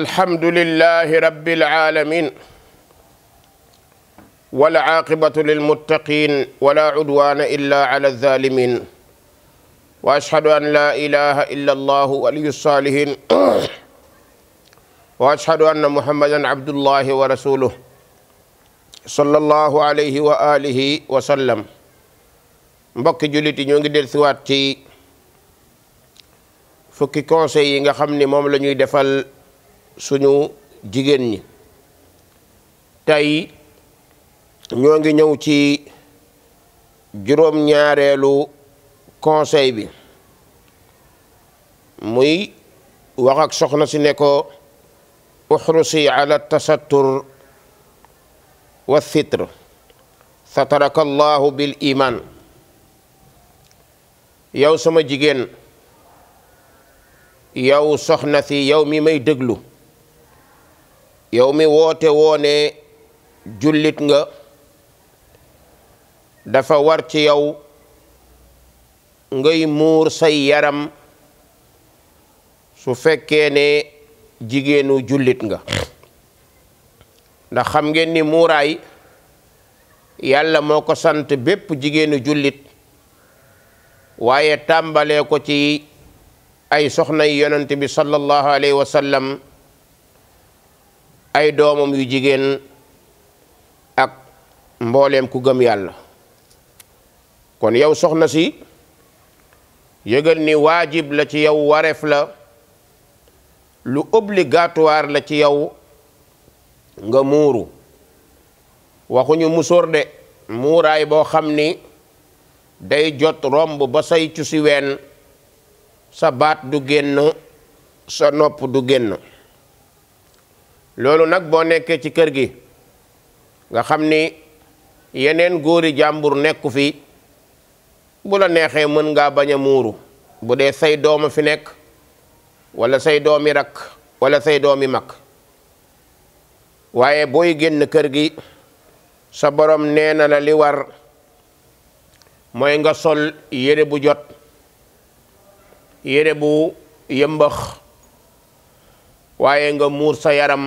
الحمد لله رب العالمين والعاقبة للمتقين ولا عدوان إلا على الظالمين وأشهد أن لا إله إلا الله ولي الصالحين وأشهد أن محمدا عبد الله ورسوله صلى الله عليه وآله وسلم mbokki jullit yi ñoo ngi dellusiwaat ci fukki conseil yi nga xam ni moom la ñuy defal suñu jigéen ñi tey ñoo ngi ñëw ci juróom-ñaareelu conseil bi muy waxak soxna si nekkoo ko uxrusi ala tasattur wa sitr sataraka allahu bil iman yow sama jigéen yow soxna si yow mii may déglu yow mi woote woone jullit nga dafa war ci yow ngay muur say yaram su fekkee ne jigéenu jullit nga ndax xam ngeen ni muuraay yàlla moo ko sant bépp jigéenu jullit waaye tàmbalee ko ci ay soxna yonent bi sallallahu alayhi wa ay doomam yu jigéen ak mbooleem ku gëm yàlla kon yow soxna si yëgal ni waajib la ci yow wareef la lu obligatoire la ci yow nga muuru waxuñu musóor de muuraay boo xam ni day jot romb ba say cusi ween sa baat du génn sa nopp du génn loolu nag boo nekkee ci kër gi nga xam ni yeneen góori jàmbur nekku fi bu la neexee mën nga bañ a muuru bu dee say dooma fi nekk wala say doom doomi rakk wala say doom doomi mag waaye booy génn kër gi sa borom nee na la li war mooy nga sol yére bu jot yére bu yëmbax waaye nga muur sa yaram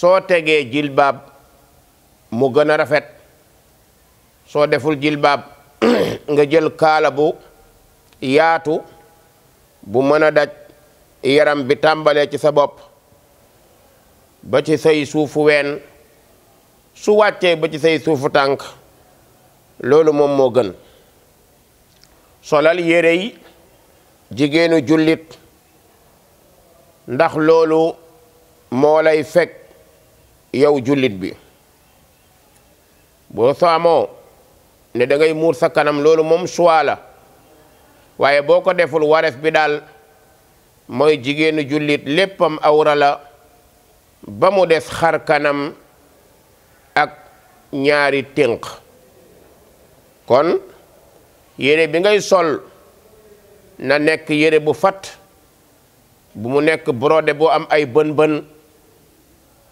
soo tegee jilbaab mu gën a rafet soo deful jilbaab nga jël kaala bu yaatu bu mën a daj yaram bi tàmbalee ci sa bopp ba ci say suufu ween su wàccee ba ci say suufu tànk loolu moom moo gën solal yére jigéenu jullit ndax loolu moo lay fekk yow jullit bi boo saamoo ne dangay muur sa kanam loolu moom choix la waaye boo ko deful wareef bi daal mooy jigéenu jullit léppam awra la ba mu des xar kanam ak ñaari tënk kon yére bi ngay sol na nekk yére bu fat bu mu nekk borode boo am ay bën-bën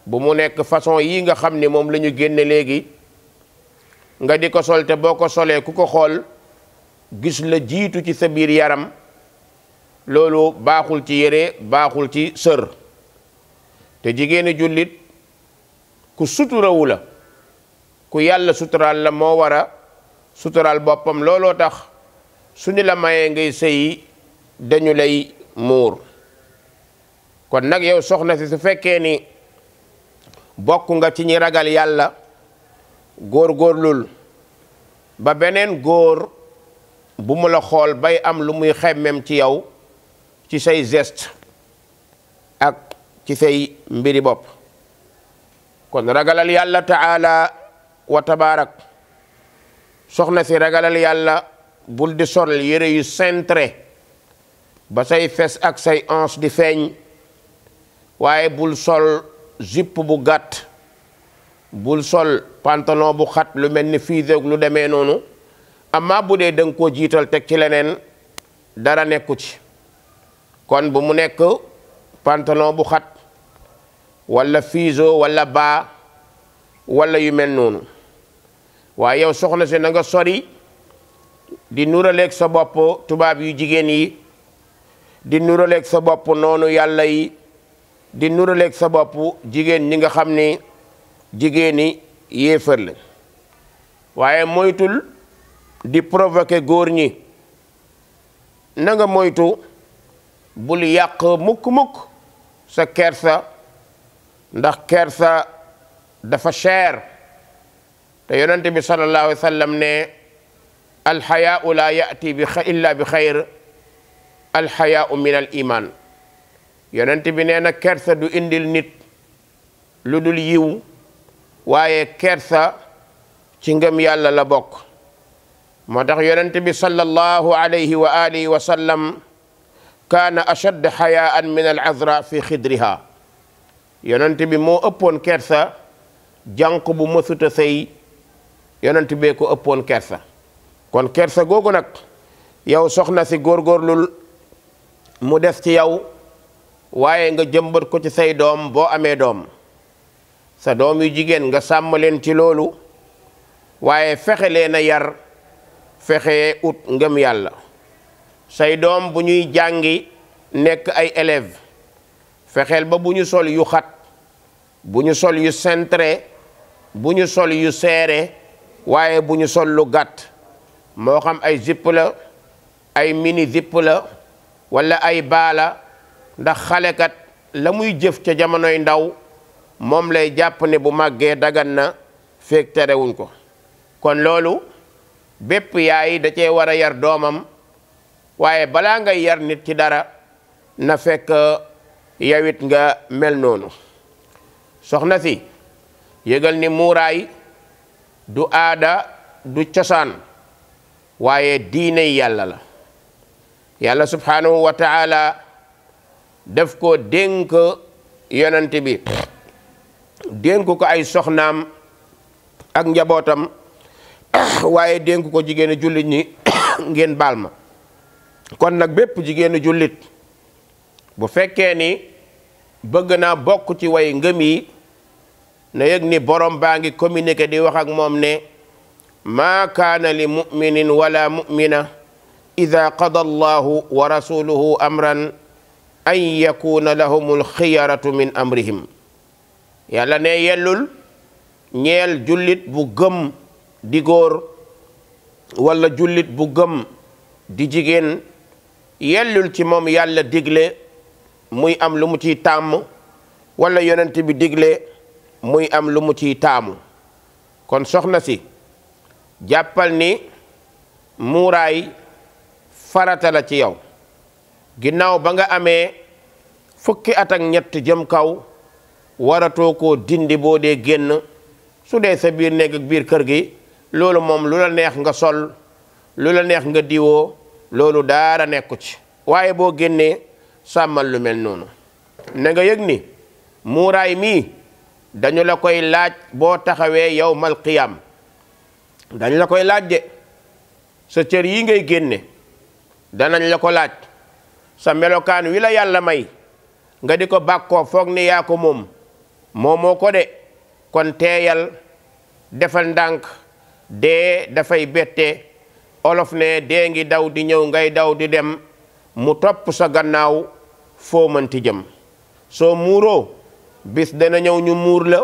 bu mu nekk façon yi nga xam ni moom la génne léegi nga di ko sol te boo ko solee ku ko xool gis la jiitu ci sa biir yaram loolu baaxul ci yére baaxul ci sër te jigéeni jullit ku suturawu la ku yàlla suturaal la moo war a suturaal boppam looloo tax su ñu la mayee ngay sëyi dañu lay muur kon nag yow soxna si su fekkee ni bokk nga ci ñi ragal yàlla góor-góorlul ba beneen góor bu mu la xool bay am lu muy xemmem ci yow ci say gest ak ci say mbiri bopp kon ragalal yàlla taala wa tabaarak soxna si ragalal yàlla bul di sol yére yu centré ba say fes ak say anse di feeñ waaye bul sol jupe bu gàtt bul sol pantalon bu xat lu mel ni fii lu demee noonu amma bu dee da nga koo jiital teg ci leneen dara nekku ci kon bu mu nekk pantalon bu xat wala fiiso walla baa wala yu mel noonu waaye yow soxna si na nga sori di nuraleeg sa bopp tubaab yu jigéen yi di nuraleeg sa bopp noonu yàlla yi di nuraleeg sa bopp jigéen ñi nga xam ni jigéeni yéefar la waaye moytul di provoquer góor ñi nanga moytu bul yàq mukk-mukk sa kersa ndax kersa dafa cher te yonent bi sallallahu alayhi wa sallam ne alxayaau la yati illa bi xayr alxayaau min al iman yonent bi nee na kersa du indil nit lu dul yiw waaye kersa ci ngëm yàlla la bokk moo tax yonent bi sallallahu alayhi wa kaana ashadd xayaan min al azra fi xidriha yonent bi moo ëppoon kersa jànq bu mësuta sëy yonent bee ko ëppoon kersa kon kersa googu nag yow soxna si góorgóorlul mu des ci yow waaye nga jëmbat ko ci say doom boo amee doom sa doom yu jigéen nga sàmm leen ci loolu waaye fexe leen a yar fexe ut ngëm yàlla say doom bu ñuy jàngi nekk ay élèves fexeel ba bu ñu sol yu xat bu ñu sol yu centré bu ñu sol yu seere waaye bu ñu sol lu gàtt moo xam ay zipp la ay mini zipp la wala ay baala ndax xalekat la muy jëf ca jamonoy ndaw moom lay jàpp ne bu màggee dagan na feeg terewuñ ko kon loolu bépp yaay da cee war a yar doomam waaye balaa ngay yar nit ci dara na fekk yawit nga mel noonu soxna si yëgal ni muuraay du aada du cosaan waaye diine yàlla la yàlla subhanahu wa def ko dénk yonent bi dénk ko ay soxnaam ak njabootam waaye dénk ko jigéenu jullit ni ngeen baal ma kon nag bépp jigéenu jullit bu fekkee ni bëgg naa bokk ci way ngëm yi na yëg ni borom baa ngi communiqué di wax ak moom ne maa kaana li muminin wala mumina ida qada allahu wa rasuluhu amran an yakuna lahumul xiyaratu min amrihim yàlla ne yellul ñeel jullit bu gëm di góor wala jullit bu gëm di jigéen yellul ci moom yàlla digle muy am lu mu ciy tàmm walla yonent bi digle muy am lu mu ci taamu kon soxna si jàppal ni muuraay faratala ci yow ginnaaw ba nga amee fukki at ak ñett jëm kaw waratoo ko dindi boo dee génn su dee sa biir néeg ak biir kër gi loolu moom lu la neex nga sol lu la neex nga diwoo loolu daara nekku ci waaye boo génnee sàmmal lu mel noonu na nga yëg ni muuraay mii dañu la koy laaj boo taxawee yawmal qiyaam dañ la koy laaj de sa cër yi ngay génne danañ la ko laaj sa melokaan wi la yàlla may nga di ko bàkkoo foog ni yaa ko moom moomoo ko de kon teeyal defal ndànk dee dafay bette olof ne dee ngi daw di ñëw ngay daw di dem mu topp sa gannaaw foo mënti jëm soo muuroo bis dana ñëw ñu muur la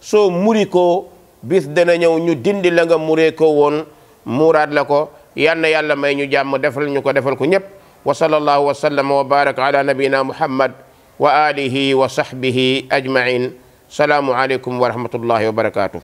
soo muri ko bis dana ñëw ñu dindi la nga muree ko woon muuraat la ko yal na yàlla may ñu jàmm defal ñu ko defal ko ñépp wa sallallahu wa sallama wa baraka ala nabiyina muhammad wa alihi wa sahbihi ajmain salaamu aleykum wa rahmatullahi wa barakatuh